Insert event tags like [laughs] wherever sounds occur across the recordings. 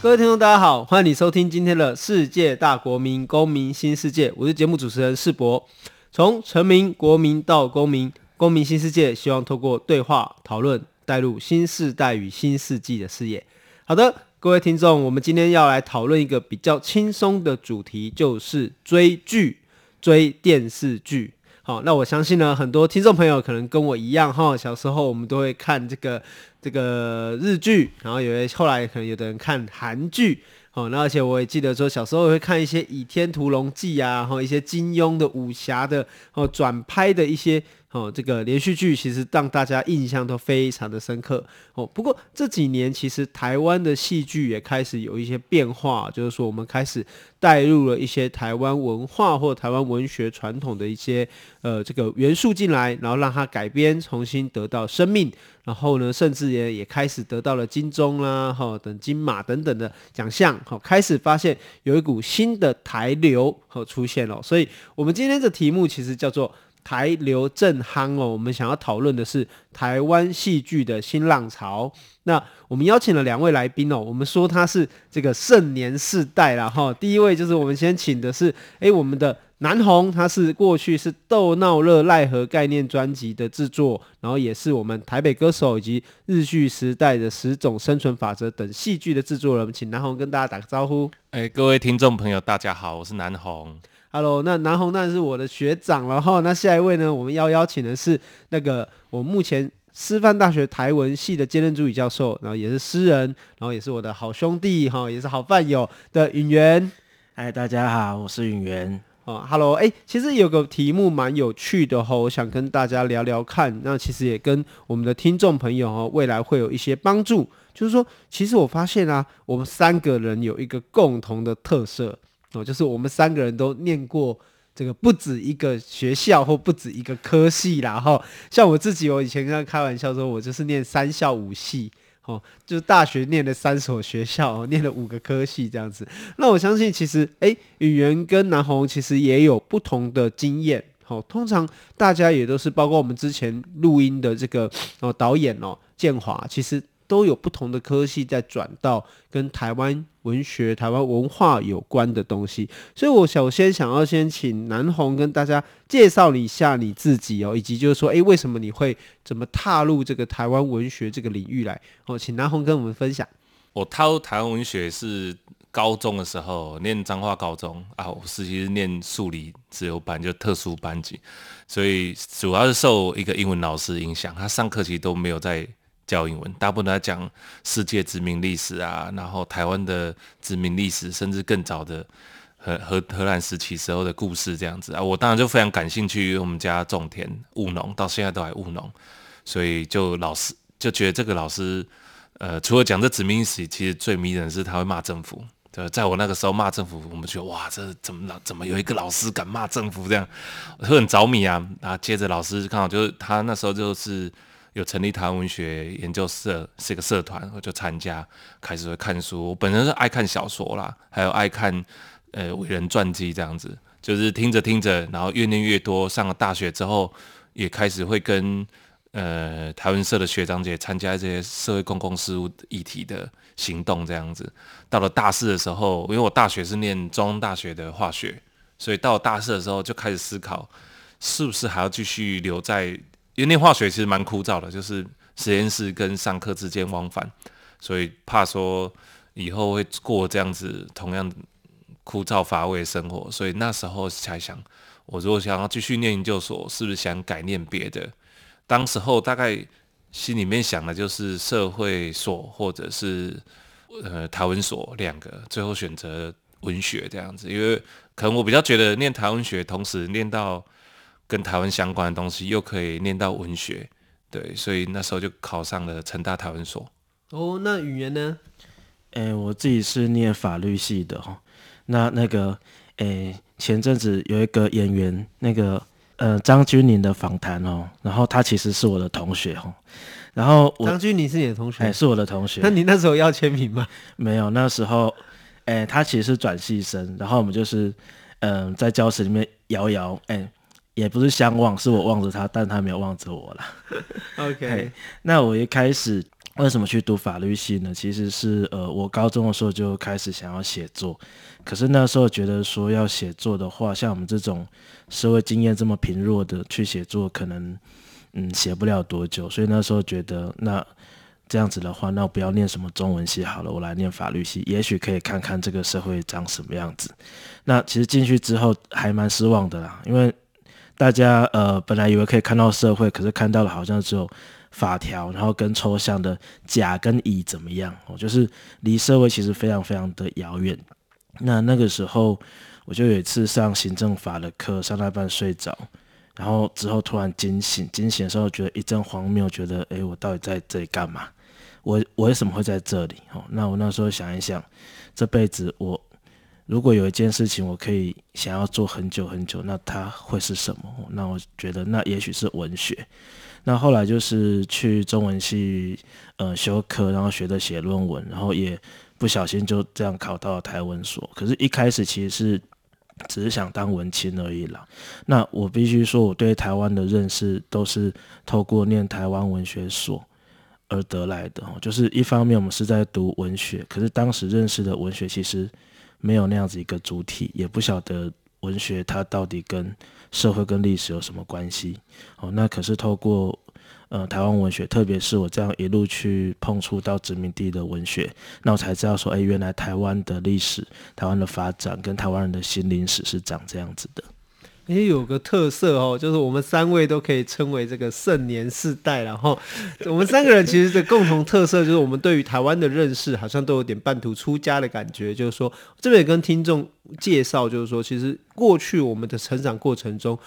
各位聽眾，大家好，歡迎你收聽今天的世界大國民、公民新世界，我是節目主持人世博。從臣民、國民到公民，公民新世界，希望透過對話討論，帶入新時代與新世紀的視野。好的，各位聽眾，我們今天要來討論一個比較輕鬆的主題，就是追劇、追電視劇。哦，那我相信呢，很多聽眾朋友可能跟我一樣哈、哦，小時候我們都會看這個這個日劇，然後有些後來可能有的人看韓劇，哦，那而且我也記得說，小時候會看一些《倚天屠龍記》啊，然後、哦、一些金庸的武俠的哦轉拍的一些。哦，這個連續劇其實讓大家印象都非常的深刻哦。不過這幾年其實台灣的戲劇也開始有一些變化，就是說我們開始帶入了一些台灣文化或台灣文學傳統的一些呃這個元素進來，然後讓它改編，重新得到生命。然後呢，甚至也也開始得到了金鐘啦、啊、哈等金馬等等的獎項，哈開始發現有一股新的台流哦出現了。所以我們今天的題目其實叫做。台流正夯哦，我們想要討論的是台灣戲劇的新浪潮。那我們邀請了兩位來賓哦，我們說他是這個盛年世代啦。哈。第一位就是我們先請的是誒，我們的南宏，他是過去是《逗鬧熱賴和》概念專輯的制作，然後也是我們台北歌手以及日據時代的十種生存法則等戲劇的制作人，請南宏跟大家打個招呼。誒，各位聽眾朋友，大家好，我是南宏。哈嘍，那南宏當是我的學長，然後那下一位呢，我們要邀、邀請的是那個我目前師範大學台文系的兼任助理教授，然後也是詩人，然後也是我的好兄弟哈，也是好戰友的允元。嗨，大家好，我是允元。哦，Hello，哎、欸，其實有個題目蠻有趣的哈，我想跟大家聊聊看，那其實也跟我們的聽眾朋友哈，未來會有一些幫助。就是說，其實我發現啊，我們三個人有一個共同的特色。哦，就是我們三個人都念過這個不止一個學校或不止一個科系啦，然、哦、後像我自己，我以前跟他開玩笑說，我就是念三校五系，哦，就是大學念了三所學校，哦，念了五個科系這樣子。那我相信，其實哎，允元跟南宏其實也有不同的經驗。哦，通常大家也都是，包括我們之前錄音的這個哦，導演哦，建華，其實。都有不同的科系在轉到跟台灣文學、台灣文化有關的東西，所以我首先想要先請南宏跟大家介紹一下你自己哦、喔，以及就是說，誒、欸，為什麼你會怎麼踏入這個台灣文學這個領域來哦、喔？請南宏跟我們分享。我踏入台灣文學是高中的時候，念彰化高中啊，我實際是念數理資優班，就特殊班級，所以主要是受一個英文老師影響，他上課其實都沒有在。教英文，大部分都在講世界殖民歷史啊，然後台灣的殖民歷史，甚至更早的和荷荷荷蘭時期時候的故事這樣子啊。我當然就非常感興趣。我們家種田務農，到現在都還務農，所以就老師就覺得這個老師，呃，除了講這殖民史，其實最迷人的是他會罵政府。在我那個時候罵政府，我們覺得哇，這怎麼怎麼有一個老師敢罵政府這樣，會很着迷啊。然後接着老師剛好就是他那時候就是。就成立台灣文學研究社，是一個社團，我就參加，開始會看書。我本身是愛看小說啦，還有愛看呃偉人傳記這樣子。就是聽着聽着，然後越念越多。上了大學之後，也開始會跟呃台灣社的學長姐參加一些社會公共事務議題的行動這樣子。到了大四的時候，因為我大學是念中大學的化學，所以到大四的時候就開始思考，是不是還要繼續留在。因為念化學其實蠻枯燥的，就是實驗室跟上課之間往返，所以怕說以後會過這樣子同樣枯燥乏味的生活，所以那時候才想，我如果想要繼續念研究所，是不是想改念別的？當時候大概心裡面想的就是社會所或者是呃台文所兩個，最後選擇文學這樣子，因為可能我比較覺得念台文學，同時念到。跟台灣相關的東西又可以念到文學，對，所以那時候就考上了成大台文所。哦，那語言呢？誒、欸，我自己是念法律系的哈、喔。那那個，誒、欸，前陣子有一個演員，那個呃張鈞甯的訪談哦，然後他其實是我的同學哦、喔，然後張鈞甯是你的同學？誒、欸，是我的同學。那你那時候要簽名嗎？沒有，那時候，誒、欸，他其實是轉系生，然後我們就是嗯、呃、在教室裡面搖搖誒。欸也不是相望，是我望着他，但他沒有望着我啦。 [laughs] OK，那我一開始為什麼去讀法律系呢？其實是呃，我高中的時候就開始想要寫作，可是那時候覺得說要寫作的話，像我們這種社會經驗這麼貧弱的去寫作，可能嗯寫不了多久。所以那時候覺得那這樣子的話，那我不要念什麼中文系好了，我來念法律系，也許可以看看這個社會長什麼樣子。那其實進去之後還蠻失望的啦，因為。大家呃本來以為可以看到社會，可是看到了好像只有法條，然後跟抽象的甲跟乙怎麼樣，哦，就是離社會其實非常非常的遙遠。那那個時候我就有一次上行政法的課，上到一半睡着，然後之後突然驚醒，驚醒的時候覺得一陣荒謬，覺得誒、欸、我到底在這裡幹嘛？我我為什麼會在這裡？哦，那我那時候想一想，這輩子我。如果有一件事情我可以想要做很久很久，那它會是什麼？那我覺得那也許是文學。那後來就是去中文系呃修課，然後學着寫論文，然後也不小心就這樣考到了台文所。可是，一開始其實是只是想當文青而已啦。那我必須說，我對台灣的認識都是透過念台灣文學所而得來的。就是一方面我們是在讀文學，可是當時認識的文學其實。沒有那樣子一個主體，也不曉得文學它到底跟社會跟歷史有什麼關係。哦，那可是透過呃台灣文學，特別是我這樣一路去碰觸到殖民地的文學，那我才知道說，哎，原來台灣的歷史、台灣的發展跟台灣人的心靈史是長這樣子的。也有個特色哦，就是我們三位都可以稱為這個盛年世代，然後我們三個人其實的共同特色就是我們對於台灣的認識好像都有點半途出家的感覺，就是說這邊也跟聽眾介紹，就是說其實過去我們的成長過程中。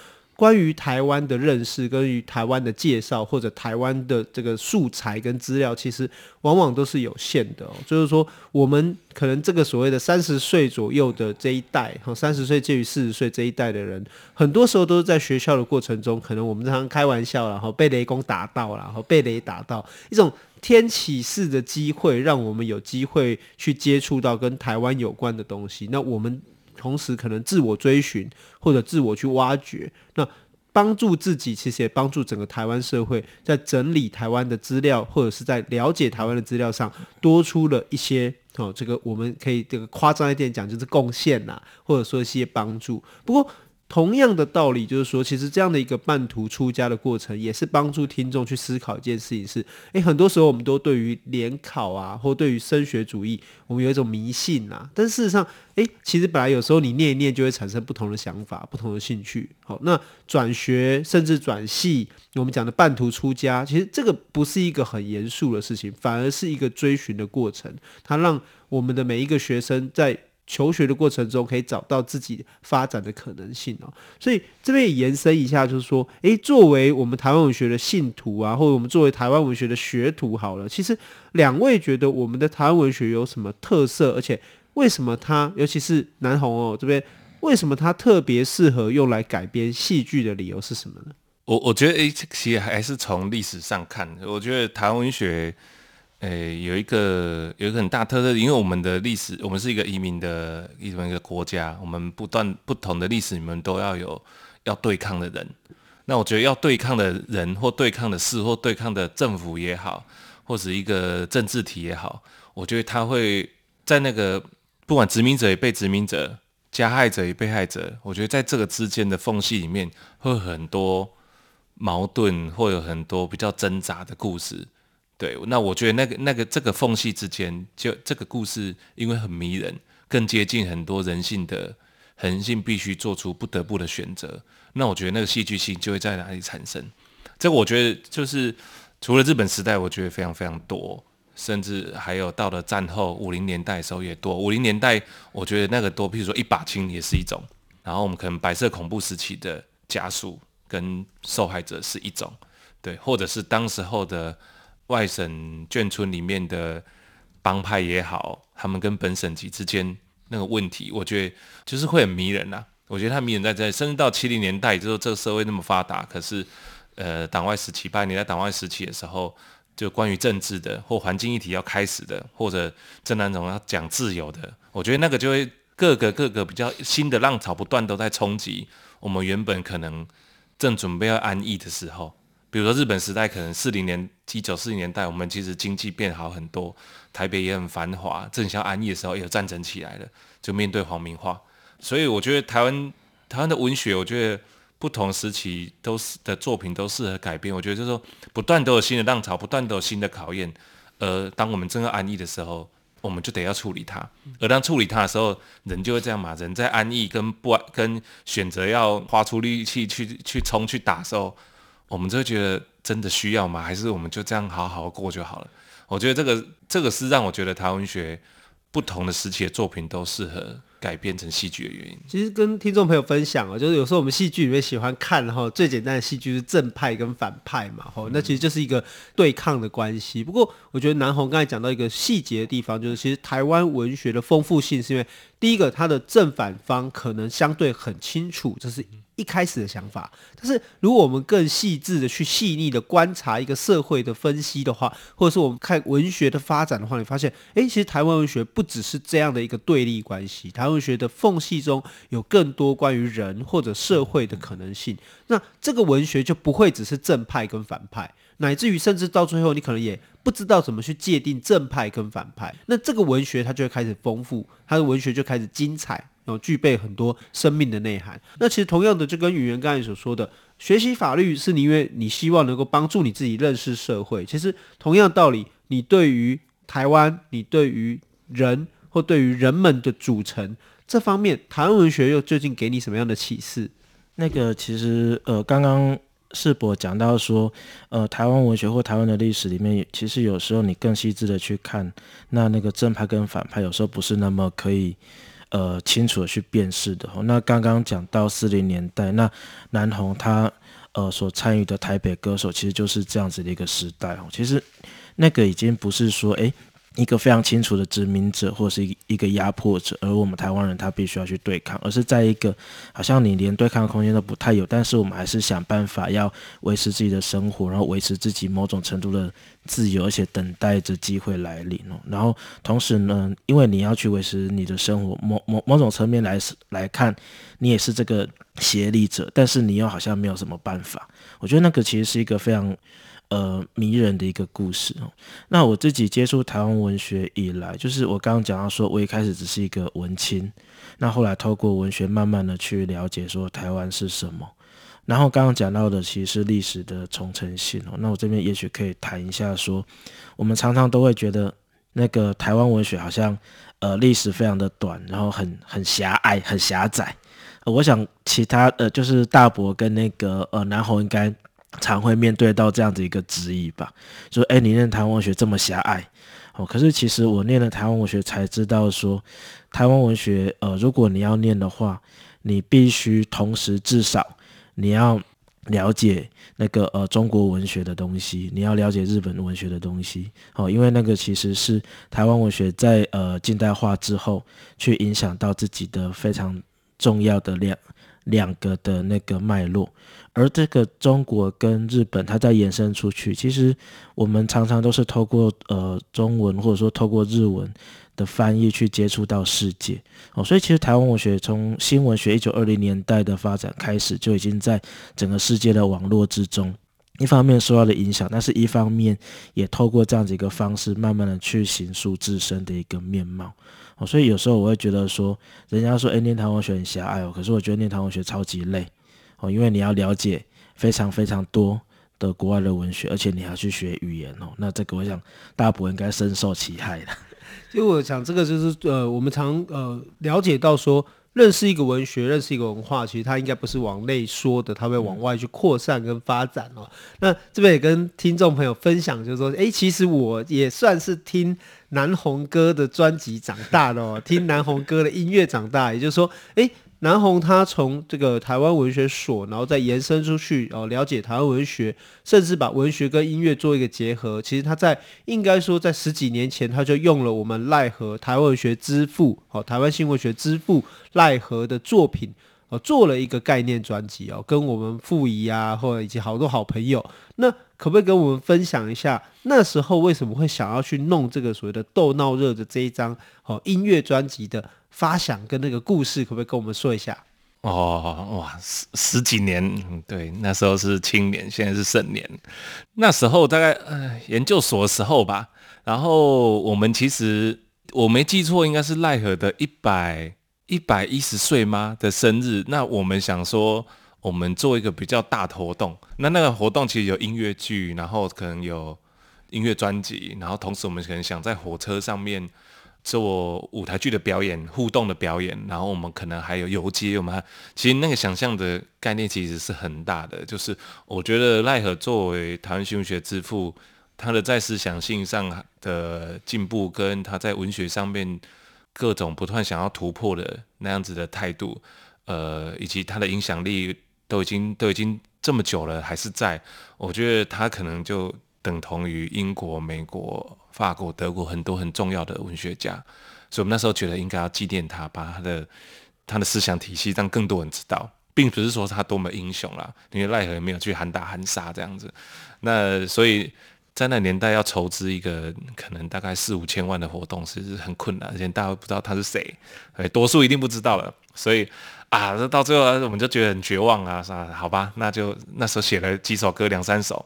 關於台灣的認識，關於台灣的介紹，或者台灣的這個素材跟資料，其實往往都是有限的哦。就是說，我們可能這個所謂的三十歲左右的這一代，和三十歲介於四十歲這一代的人，很多時候都是在學校的過程中，可能我們常常開玩笑，然後被雷公打到，然後被雷打到一種天啟式的機會，讓我們有機會去接觸到跟台灣有關的東西。那我們。同時，可能自我追尋或者自我去挖掘，那幫助自己，其實也幫助整個台灣社會，在整理台灣的資料，或者是在了解台灣的資料上，多出了一些哦，這個我們可以這個誇張一點講，就是貢獻啊，或者說一些幫助。不過。同樣的道理，就是說，其實這樣的一個半途出家的過程，也是幫助聽眾去思考一件事情是，是誒，很多時候我們都對於聯考啊，或對於升學主義，我們有一種迷信吶、啊。但事實上，誒，其實本來有時候你念一念，就會產生不同的想法、不同的興趣。好，那轉學甚至轉系，我們講的半途出家，其實這個不是一個很嚴肅的事情，反而是一個追尋的過程。它讓我們的每一個學生在。求學的過程中，可以找到自己發展的可能性哦。所以這邊也延伸一下，就是說，誒，作為我們台灣文學的信徒啊，或者我們作為台灣文學的學徒，好了，其實兩位覺得我們的台灣文學有什麼特色？而且為什麼它，尤其是南宏哦，這邊，為什麼它特別適合用來改編戲劇的理由是什麼呢？我我覺得，誒，其實還是從歷史上看，我覺得台灣文學。誒，有一個有一個很大特色，因為我們的歷史，我們是一個移民的一種一個國家，我們不斷不同的歷史裡面都要有要對抗的人。那我覺得要對抗的人，或對抗的事，或對抗的政府也好，或是一個政治體也好，我覺得他會在那個不管殖民者也被殖民者、加害者與被害者，我覺得在這個之間的縫隙裡面，會有很多矛盾，會有很多比較掙扎的故事。對，那我覺得那個那個這個縫隙之間，就這個故事，因為很迷人，更接近很多人性的，人性必須做出不得不的選擇。那我覺得那個戲劇性就會在哪裡產生？這我覺得就是除了日本時代，我覺得非常非常多，甚至還有到了戰後五零年代的時候也多。五零年代我覺得那個多，譬如說一把青也是一種，然後我們可能白色恐怖時期的家屬跟受害者是一種，對，或者是當時候的，外省眷村裡面的幫派也好，他們跟本省籍之間那個問題，我覺得就是會很迷人吶、啊。我覺得他迷人在這，甚至到七零年代之後，這個社會那麼發達，可是呃，黨外時期八，你在黨外時期的時候，就關於政治的或環境議題要開始的，或者鄭南榕要講自由的，我覺得那個就會各個各個比較新的浪潮不斷都在衝擊我們原本可能正準備要安逸的時候。比如說日本時代，可能四零年一九四零年代，我們其實經濟變好很多，台北也很繁華，正向安逸的時候，也有戰爭起來了，就面對皇民化。所以我覺得台灣台灣的文學，我覺得不同時期都是的作品都適合改編。我覺得就是說，不斷都有新的浪潮，不斷都有新的考驗。而當我們正要安逸的時候，我們就得要處理它。而當處理它的時候，人就會這樣嘛，人在安逸跟不跟選擇要花出力氣去去衝去打的時候。我們就覺得真的需要嗎？還是我們就這樣好好，好過就好了？我覺得這個這個是讓我覺得台灣文學不同的時期的作品都適合改編成戲劇的原因。其實跟聽眾朋友分享哦，就是有時候我們戲劇裡面喜歡看哈，最簡單的戲劇是正派跟反派嘛，哈，那其實就是一個對抗的關係。不過我覺得南宏剛才講到一個細節的地方，就是其實台灣文學的豐富性是因為第一個它的正反方可能相對很清楚，這，就是一開始的想法，但是如果我們更細緻的去細膩的觀察一個社會的分析的話，或者是我們看文學的發展的話，你發現，誒、欸，其實台灣文學不只是這樣的一個對立關係，台灣文學的縫隙中有更多關於人或者社會的可能性。那這個文學就不會只是正派跟反派，乃至於甚至到最後，你可能也不知道怎麼去界定正派跟反派。那這個文學它就會開始豐富，它的文學就開始精彩。具備很多生命的內涵。那其實同樣的，就跟語言剛才所說的，學習法律是你因為你希望能夠幫助你自己認識社會。其實同樣道理，你對於台灣，你對於人或對於人們的組成這方面，台灣文學又究竟給你什麼樣的啟示？那個其實呃，剛剛世博講到說，呃，台灣文學或台灣的歷史裡面，其實有時候你更細緻的去看，那那個正派跟反派有時候不是那麼可以。呃，清楚地去辨識的。那剛剛講到四零年代，那南宏他呃所參與的台北歌手，其實就是這樣子的一個時代哦。其實那個已經不是說誒。欸一個非常清楚的殖民者，或者是一一個壓迫者，而我們台灣人他必須要去對抗，而是在一個好像你連對抗的空間都不太有，但是我們還是想辦法要維持自己的生活，然後維持自己某種程度的自由，而且等待着機會來臨。然後同時呢，因為你要去維持你的生活，某某某種層面來來看，你也是這個協力者，但是你又好像沒有什麼辦法。我覺得那個其實是一個非常。呃，迷人的一個故事。那我自己接觸台灣文學以來，就是我剛剛講到說，我一開始只是一個文青，那後來透過文學慢慢的去了解說台灣是什麼。然後剛剛講到的其實是歷史的重層性哦。那我這邊也許可以談一下說，我們常常都會覺得那個台灣文學好像呃歷史非常的短，然後很很狹隘，很狹窄。呃、我想其他呃就是大伯跟那個呃南宏應該。常會面對到這樣子一個質疑吧，說：哎，你念台灣文學這麼狹隘，哦，可是其實我念了台灣文學才知道說，說台灣文學，呃，如果你要念的話，你必須同時至少你要了解那個呃中國文學的東西，你要了解日本文學的東西，哦，因為那個其實是台灣文學在呃近代化之後去影響到自己的非常重要的兩。兩個的那個脈絡，而這個中國跟日本，它再延伸出去。其實我們常常都是透過呃中文或者說透過日文的翻譯去接觸到世界哦，所以其實台灣文學從新文學一九二零年代的發展開始，就已經在整個世界的網絡之中，一方面受到了影響，但是一方面也透過這樣子一個方式，慢慢的去形塑自身的一個面貌。所以有時候我會覺得說，人家說哎，念台文學很狹隘哦、喔，可是我覺得念台文學超級累哦，因為你要了解非常非常多的國外的文學，而且你還要去學語言哦。那這個我想大部分應該深受其害的。因為我想這個就是呃，我們常呃了解到說，認識一個文學，認識一個文化，其實它應該不是往內說的，它會往外去擴散跟發展哦、喔。那這邊也跟聽眾朋友分享，就是說，哎、欸，其實我也算是聽。南宏哥的專輯長大了哦，聽南宏哥的音樂長大，也就是說，誒，南宏他從這個台灣文學所，然後再延伸出去哦，了解台灣文學，甚至把文學跟音樂做一個結合。其實他在應該說在十幾年前，他就用了我們賴和台灣文學之父，好、哦，台灣新文學之父賴和的作品。我做了一個概念專輯哦，跟我們傅儀啊，或者以及好多好朋友，那可不可以跟我們分享一下那時候為什麼會想要去弄這個所謂的“逗鬧熱”的這一張哦音樂專輯的發想跟那個故事，可不可以跟我們說一下？哦，哇，十十幾年，對，那時候是青年，現在是盛年。那時候大概研究所的時候吧。然後我們其實我沒記錯，應該是賴和的一百一百一十歲嗎的生日？那我們想說，我們做一個比較大的活動。那那個活動其實有音樂劇，然後可能有音樂專輯，然後同時我們可能想在火車上面做舞台劇的表演，互動的表演。然後我們可能還有遊街有沒有，我們其實那個想象的概念其實是很大的。就是我覺得賴和作為台灣新文學之父，他的在思想性上的進步跟他在文學上面。各種不斷想要突破的那樣子的態度，呃，以及他的影響力都已經都已經這麼久了，還是在。我覺得他可能就等同於英國、美國、法國、德國很多很重要的文學家，所以我們那時候覺得應該要紀念他，把他的他的思想體系讓更多人知道，並不是說他多麼英雄啦，因為賴和也沒有去喊打喊殺這樣子。那所以。在那年代，要籌資一個可能大概四五千萬的活動，其實是很困難，而且大家不知道他是誰，誒，多數一定不知道了，所以啊，那到最後啊，我們就覺得很絕望啊，啊好吧，那就那時候寫了幾首歌，兩三首，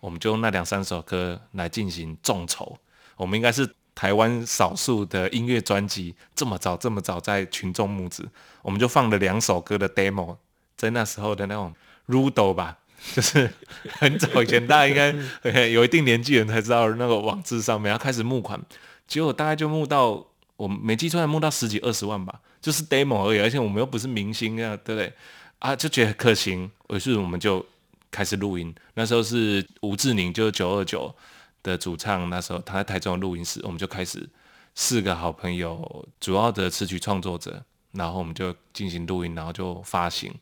我們就用那兩三首歌來進行眾籌。我們應該是台灣少數的音樂專輯這麼早這麼早在群眾募資，我們就放了兩首歌的 demo，在那時候的那種 rudo 吧。 [laughs] 就是很早以前，大家應該有一定年紀的人才知道那個網誌上面，要開始募款，結果大概就募到，我們沒記錯，來募到十幾二十萬吧，就是 demo 而已，而且我們又不是明星啊，對不對？啊，就覺得可行，於是我們就開始錄音。那時候是吳志寧，就是九二九的主唱，那時候他在台中錄音室，我們就開始四個好朋友，主要的詞曲創作者，然後我們就進行錄音，然後就發行。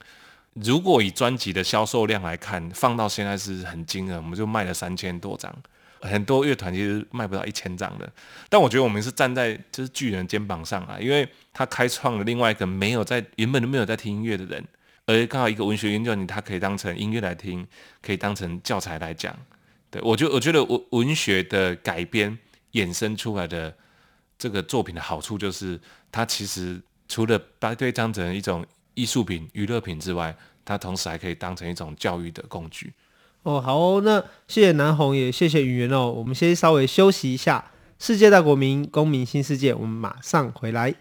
如果以專輯的銷售量來看，放到現在是很驚人，我們就賣了三千多張，很多樂團其實賣不到一千張的。但我覺得我們是站在就是巨人肩膀上啊，因為他開創了另外一個沒有在原本都沒有在聽音樂的人，而剛好一個文學研究，你他可以當成音樂來聽，可以當成教材來講。對，我就我覺得文文學的改編衍生出來的這個作品的好處，就是它其實除了對張哲一種。藝術品、娛樂品之外，它同時還可以當成一種教育的工具。哦，好哦，那謝謝南宏也，謝謝允元哦。我們先稍微休息一下，《世界大國民公民新世界》，我們馬上回來。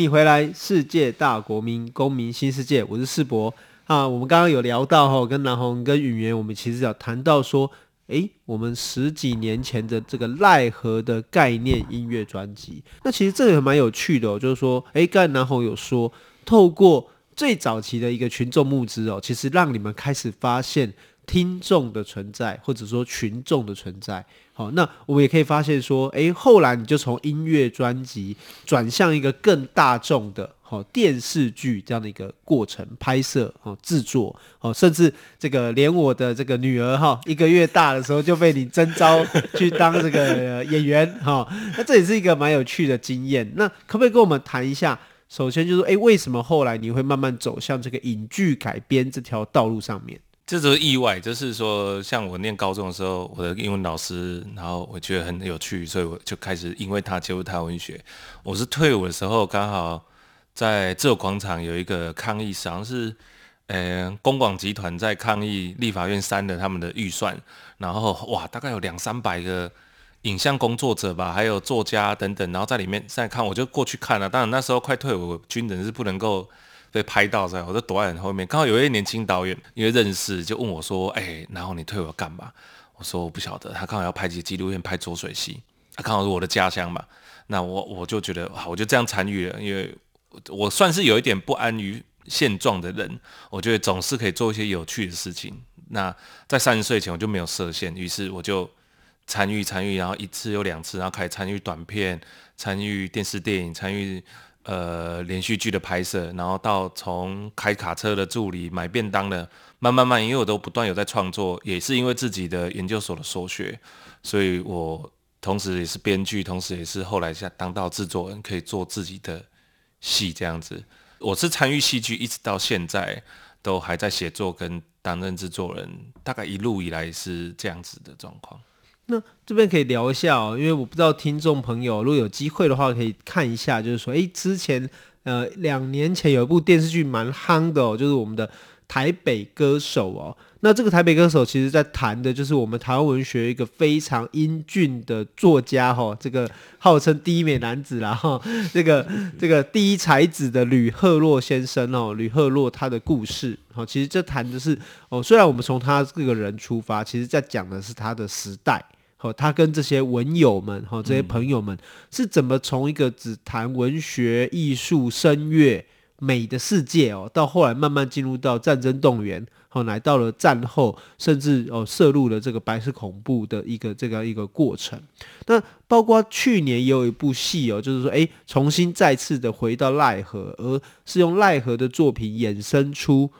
你回來，世界大國民公民新世界，我是世博啊。我們剛剛有聊到哈，跟南紅跟允元，我們其實有談到說，誒、欸，我們十幾年前的這個賴和的概念音樂專輯，那其實這個也蠻有趣的、哦、就是說，誒、欸，剛才南紅有說，透過最早期的一個群眾募資哦，其實讓你們開始發現。聽眾的存在，或者說群眾的存在，好、哦，那我們也可以發現說，誒，後來你就從音樂專輯轉向一個更大眾的，好、哦、電視劇這樣的一個過程，拍攝，哦、製作，好、哦，甚至這個連我的這個女兒哈、哦，一個月大的時候就被你徵召去當這個演員，好、 [laughs] 哦，那這也是一個蠻有趣的經驗。那可不可以跟我們談一下？首先就是說，誒，為什麼後來你會慢慢走向這個影劇改編這條道路上面？這是意外，就是說，像我念高中的時候，我的英文老師，然後我覺得很有趣，所以我就開始因為他接觸台文學。我是退伍的時候，剛好在自由廣場有一個抗議，好像是呃，公廣集團在抗議立法院刪了他們的預算，然後哇，大概有兩三百個影像工作者吧，還有作家等等，然後在裡面在看，我就過去看了啊。當然那時候快退伍，軍人是不能夠。被拍到，在我就躲在很後面。剛好有一位年輕導演，因為認識，就問我說：“哎、欸，然後你退伍幹嘛？”我說：“我不曉得。”他剛好要拍一些紀錄片，拍濁水溪。他剛好是我的家鄉嘛。那我我就覺得，我就這樣參與了。因為，我算是有一點不安於現狀的人，我覺得總是可以做一些有趣的事情。那在三十歲前，我就沒有設限，於是我就參與參與，然後一次又兩次，然後開始參與短片，參與電視電影，參與。呃，連續劇的拍攝，然後到從開卡車的助理、買便當的，慢慢慢、慢，因為我都不斷有在創作，也是因為自己的研究所的所學，所以我同時也是編劇，同時也是後來想當到製作人，可以做自己的戲這樣子。我是參與戲劇，一直到現在都還在寫作跟擔任製作人，大概一路以來是這樣子的狀況。那這邊可以聊一下哦，因為我不知道聽眾朋友，如果有機會的話，可以看一下，就是說，誒，之前呃，兩年前有一部電視劇蠻夯的哦，就是我們的《台北歌手》哦。那這個《台北歌手》其實在談的就是我們台灣文學一個非常英俊的作家哦，這個號稱第一美男子啦哈，這個這個第一才子的呂赫若先生哦，呂赫若他的故事哦，其實這談的是哦，雖然我們從他這個人出發，其實在講的是他的時代。和、哦、他跟這些文友們，哈、哦，這些朋友們是怎麼從一個只談文學、藝術、聲樂、美的世界哦，到後來慢慢進入到戰爭動員，後、哦、來到了戰後，甚至哦涉入了這個白色恐怖的一個這個一個過程。那包括去年也有一部戲哦，就是說，哎，重新再次的回到賴和，而是用賴和的作品衍生出。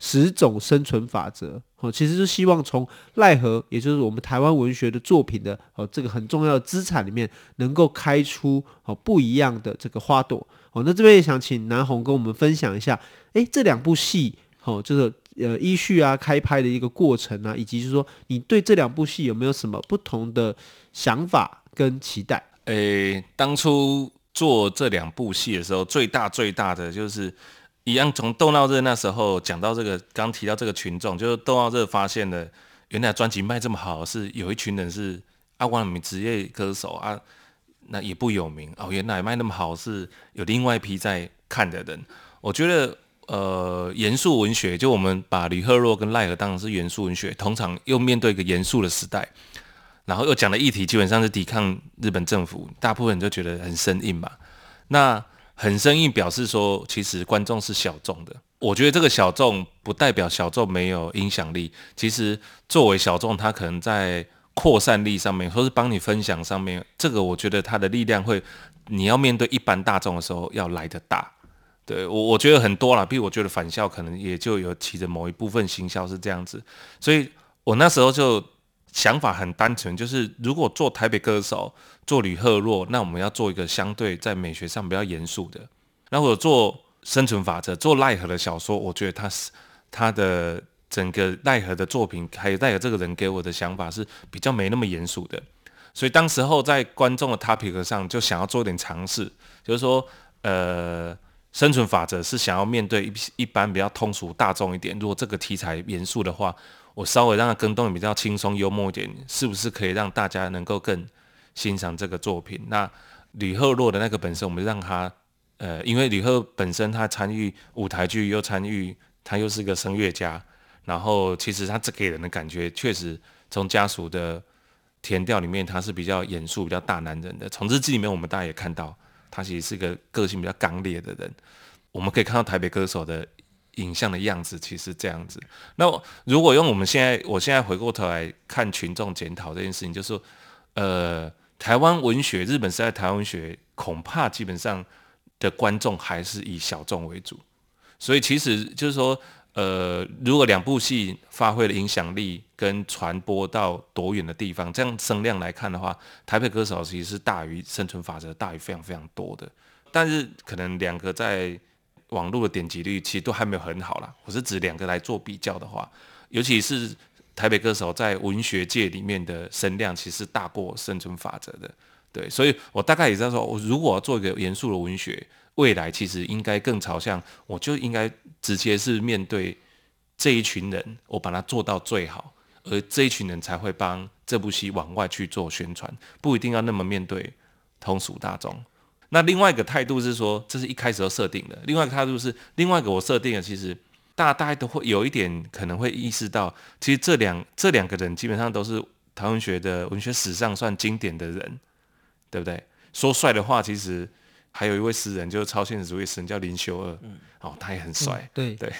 十種生存法則，哦，其實是希望從賴和，也就是我們台灣文學的作品的哦、喔，這個很重要的資產裡面，能夠開出哦、喔、不一樣的這個花朵。哦、喔，那這邊也想請南宏跟我們分享一下，欸、這兩部戲，哦、喔，就是呃，依序啊，開拍的一個過程啊，以及就是說，你對這兩部戲有沒有什麼不同的想法跟期待？欸、當初做這兩部戲的時候，最大最大的就是。一樣從鬥鬧熱那時候講到這個，剛提到這個群眾，就是鬥鬧熱發現了原來專輯賣這麼好，是有一群人，是阿光們職業歌手啊，那也不有名哦。原來賣那麼好，是有另外一批在看的人。我覺得，呃，嚴肅文學，就我們把呂赫若跟賴和當成是嚴肅文學，通常又面對一個嚴肅的時代，然後又講的議題基本上是抵抗日本政府，大部分人就覺得很生硬嘛。那。很生硬，表示說，其實觀眾是小眾的。我覺得這個小眾不代表小眾沒有影響力。其實作為小眾，它可能在擴散力上面，或是幫你分享上面，這個我覺得它的力量會，你要面對一般大眾的時候要來得大。對我，我覺得很多啦，比如我覺得返校可能也就有起著某一部分行銷是這樣子，所以我那時候就。想法很單純，就是如果做台北歌手，做呂赫若，那我們要做一個相對在美學上比較嚴肅的。那我做《生存法則》，做賴和的小說，我覺得他是他的整個賴和的作品，還有賴和這個人給我的想法是比較沒那麼嚴肅的。所以當時候在觀眾的 topic 上，就想要做一點嘗試，就是說，呃，《生存法則》是想要面對一,一般比較通俗大眾一點。如果這個題材嚴肅的話，我稍微讓他更動比較輕鬆幽默一點，是不是可以讓大家能夠更欣賞這個作品？那呂赫若的那個本身，我們讓他，呃，因為呂赫若本身他參與舞台劇，又參與，他又是一個聲樂家，然後其實他這給人的感覺，確實從家屬的田調裡面，他是比較嚴肅、比較大男人的；從日記裡面，我們大家也看到，他其實是個個性比較剛烈的人。我們可以看到台北歌手的。影像的樣子，其實這樣子，那如果用我們現在，我現在回過頭來看群眾檢討這件事情，就是說，說呃，台灣文學，日本時代台灣文學恐怕基本上的觀眾還是以小眾為主，所以其實就是說，呃，如果兩部戲發揮了影響力跟傳播到多遠的地方，這樣聲量來看的話，《台北歌手》其實是大於《生存法則》，大於非常非常多的，但是可能兩個在。網絡的點擊率其實都還沒有很好啦。我是指兩個來做比較的話，尤其是台北歌手在文學界裡面的聲量，其實大過生存法則的。對，所以我大概也在說，我如果要做一個嚴肅的文學，未來其實應該更朝向，我就應該直接是面對這一群人，我把它做到最好，而這一群人才會幫這部戲往外去做宣傳，不一定要那麼面對通俗大眾。那另外一個態度是說，這是一開始就設定的。另外一個態度是，另外一個我設定的，其實大家大概都會有一點可能會意識到，其實這兩這兩個人基本上都是台文學的文學史上算經典的人，對不對？說帥的話，其實還有一位詩人，就是超現實主義詩人叫林修二，哦，他也很帥，嗯。對對，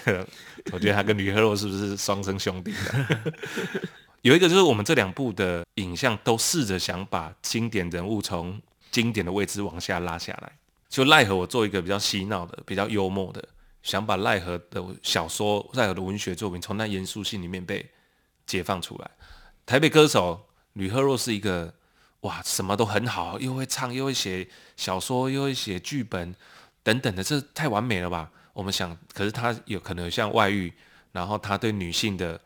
我覺得他跟李賀洛是不是雙生兄弟的？ [laughs] 有一個就是我們這兩部的影像都試着想把經典人物從經典的位置往下拉下來，就賴和我做一個比較嬉鬧的、比較幽默的，想把賴和的小說、賴和的文學作品從那嚴肅性裡面被解放出來。台北歌手呂赫若是一個哇，什麼都很好，又會唱，又會寫小說，又會寫劇本等等的，這太完美了吧？我們想，可是他有可能像外遇，然後他對女性的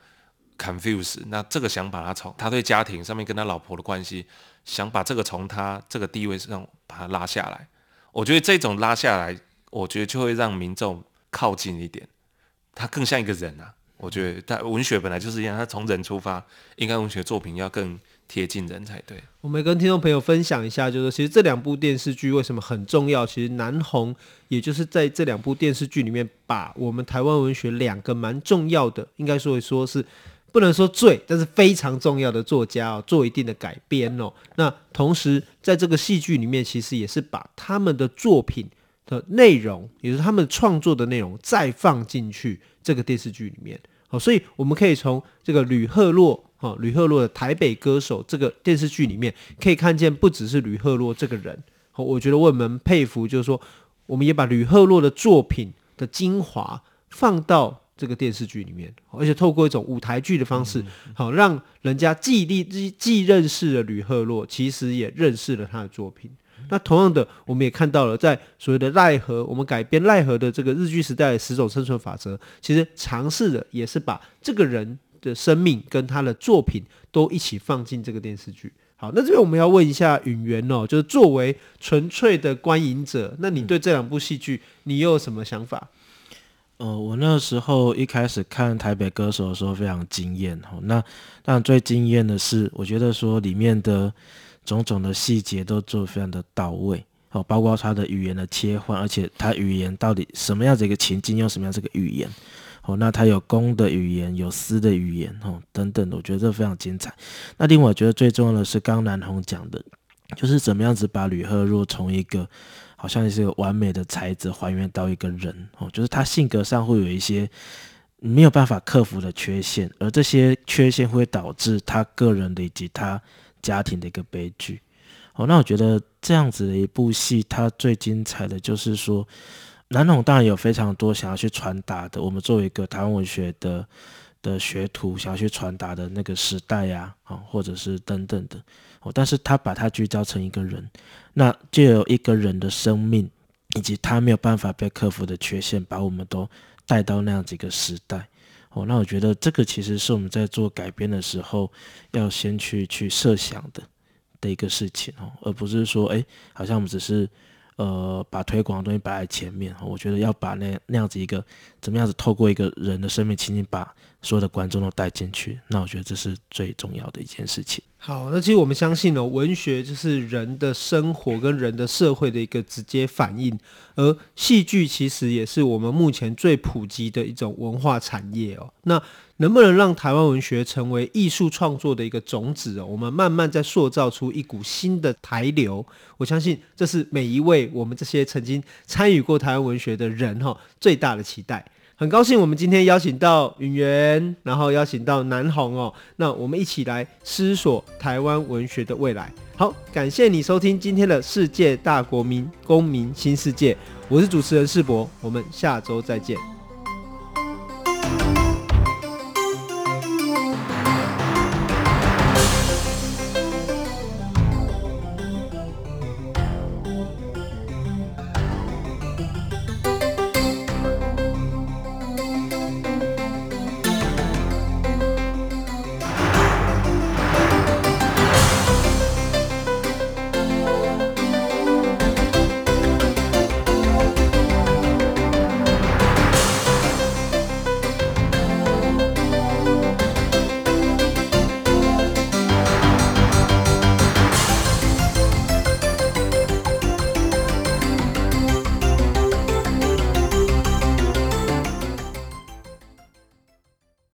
confuse，那這個想把他從他對家庭上面跟他老婆的關係。想把這個從他這個地位上把他拉下來，我覺得這種拉下來，我覺得就會讓民眾靠近一點，他更像一個人啊。我覺得，他文學本來就是一樣，他從人出發，應該文學作品要更貼近人才對。我們跟聽眾朋友分享一下，就是其實這兩部電視劇為什麼很重要？其實南宏也就是在這兩部電視劇裡面，把我們台灣文學兩個蠻重要的，應該說說是。不能說最，但是非常重要的作家哦，做一定的改編哦。那同時在這個戲劇裡面，其實也是把他們的作品的內容，也就是他們創作的內容，再放進去這個電視劇裡面。好，所以我們可以從這個呂赫若，呂赫若的《台北歌手》這個電視劇裡面，可以看見不只是呂赫若這個人。好，我覺得我也蠻佩服，就是說，我們也把呂赫若的作品的精華放到。這個電視劇裡面，而且透過一種舞台劇的方式，好、嗯嗯哦，讓人家既立既既認識了呂赫若，其實也認識了他的作品。嗯、那同樣的，嗯、我們也看到了，在所謂的賴和，我們改編賴和的這個日據時代的十種生存法則，其實嘗試着也是把這個人的生命跟他的作品都一起放進這個電視劇。好，那這邊我們要問一下允元哦，就是作為純粹的觀影者，那你對這兩部戲劇，你又有什麼想法？嗯呃，我那時候一開始看台北歌手的時候非常驚艷哦。那但最驚艷的是，我覺得說裡面的種種的細節都做非常的到位哦，包括他的語言的切換，而且他語言到底什麼樣的一個情境用什麼樣這個語言哦，那他有公的語言，有私的語言哦等等的，我覺得這非常精彩。那另外我覺得最重要的是，剛南宏講的就是怎麼樣子把呂赫若從一個好像是一個完美的才子，還原到一個人哦，就是他性格上會有一些沒有辦法克服的缺陷，而這些缺陷會導致他個人的以及他家庭的一個悲劇哦。那我覺得這樣子的一部戲，它最精彩的就是說，南宏當然有非常多想要去傳達的，我們作為一個台灣文學的的學徒，想要去傳達的那個時代呀，啊，或者是等等的。哦，但是他把他聚焦成一個人，那就有一個人的生命，以及他沒有辦法被克服的缺陷，把我們都帶到那樣子一個時代。哦，那我覺得這個其實是我們在做改編的時候要先去去設想的的一個事情哦，而不是說，誒、欸，好像我們只是。呃，把推廣的東西擺在前面，我覺得要把那那樣子一個怎麼樣子透過一個人的生命輕輕把所有的觀眾都帶進去，那我覺得這是最重要的一件事情。好，那其實我們相信呢、哦，文學就是人的生活跟人的社會的一個直接反應，而戲劇其實也是我們目前最普及的一種文化產業哦。那能不能讓台灣文學成為藝術創作的一個種子，哦？我們慢慢在塑造出一股新的台流。我相信這是每一位我們這些曾經參與過台灣文學的人哈、哦、最大的期待。很高興我們今天邀請到允元，然後邀請到南宏。哦，那我們一起來思索台灣文學的未來。好，感謝你收聽今天的世界大國民公民新世界，我是主持人世博，我們下周再見。